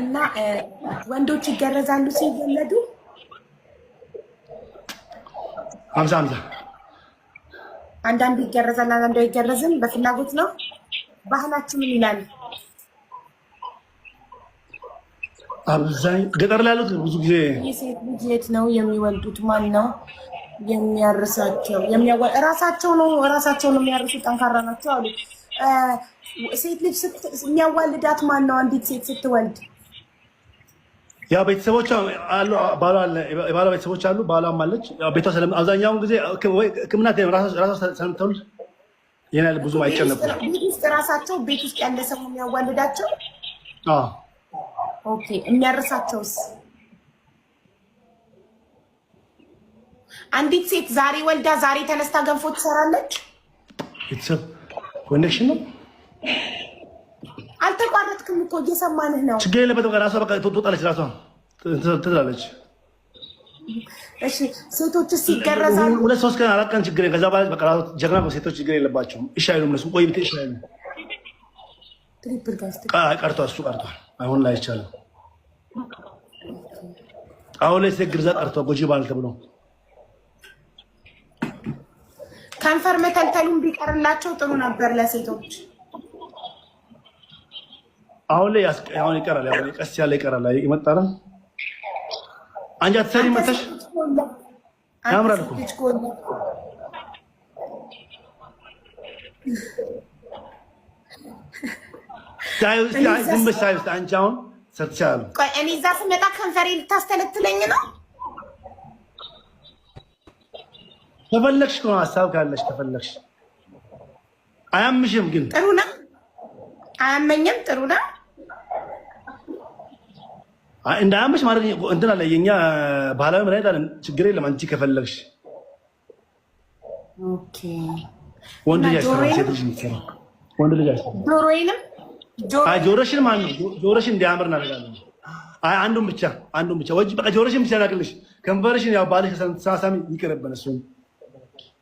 እና ወንዶች ይገረዛሉ ሲወለዱ ሀምሳ ሀምሳ አንዳንዱ ይገረዛል፣ አንዳንዱ አይገረዝም። በፍላጎት ነው። ባህላችሁ ምን ይላል? አብዛኝ ገጠር ላሉት ብዙ ጊዜ የሴት ልጅ የት ነው የሚወልዱት? ማን ነው የሚያርሳቸው? እራሳቸው ነው። እራሳቸው ነው የሚያርሱት። ጠንካራ ናቸው አሉት። ሴት ልጅ የሚያዋልዳት ማን ነው? አንዲት ሴት ስትወልድ ያው ቤተሰቦቿ አሉ፣ ቤተሰቦች አሉ፣ ባሏም አለች። ቤቷ አብዛኛውን ጊዜ ሕክምና ራሳ ስለምትወልድ ይህን ያህል ብዙም አይጨነቁም። ውስጥ ራሳቸው ቤት ውስጥ ያለ ሰው የሚያዋልዳቸው የሚያርሳቸውስ አንዲት ሴት ዛሬ ወልዳ ዛሬ ተነስታ ገንፎ ትሰራለች ቤተሰብ ኮኔክሽን ነው። አልተቋረጥክም እኮ እየሰማንህ ነው። ችግር የለበትም። ራሷ በቃ ትወጣለች፣ ራሷ ትላለች። ሴቶች ይገረዛሉ። ሁለት ሶስት ቀን አራት ቀን ችግር ከዛ በኋላ በቃ ጀግና ሴቶች ችግር የለባቸውም። እሺ አይሉም እነሱም ቆይ ብትይ እሺ አይሉም። ቀርቷል፣ እሱ ቀርቷል። አሁን ላይ አይቻልም። አሁን ላይ ሴት ግርዛ ቀርቷል። ጎጂ ባል ተብሎ ከንፈር መተልተሉን ቢቀርላቸው ጥሩ ነበር ለሴቶች። አሁን ላይ አሁን ይቀራል፣ አሁን ቀስ ያለ ይቀራል። ይመጣ ነው አንቺ አትሰሪም መተሽ ያምራል እኮ ሳይሆን አንቺ አሁን ሰርተሻል። ቆይ እኔ እዛ ስመጣ ከንፈሬ ልታስተለትለኝ ነው ከፈለግሽ ነው ሀሳብ ካለሽ ከፈለግሽ አያምሽም። ግን ጥሩ ነው አያመኝም። ጥሩ ነው እንዳያምሽ ማድረግ እንትን አለ የኛ ባህላዊ መድኃኒት አለ። ችግር የለም አንቺ ከፈለግሽ ወንድ ልጅ ወንድ ልጅ ጆሮሽን ማነው ጆሮሽን እንዲያምር እናደርጋለን። አንዱን ብቻ አንዱን ብቻ ወይ በቃ ጆሮሽን ብቻ ላክልሽ። ከንፈርሽን ያው ባልሽ ሳሳሚ ይቅርብን እሱም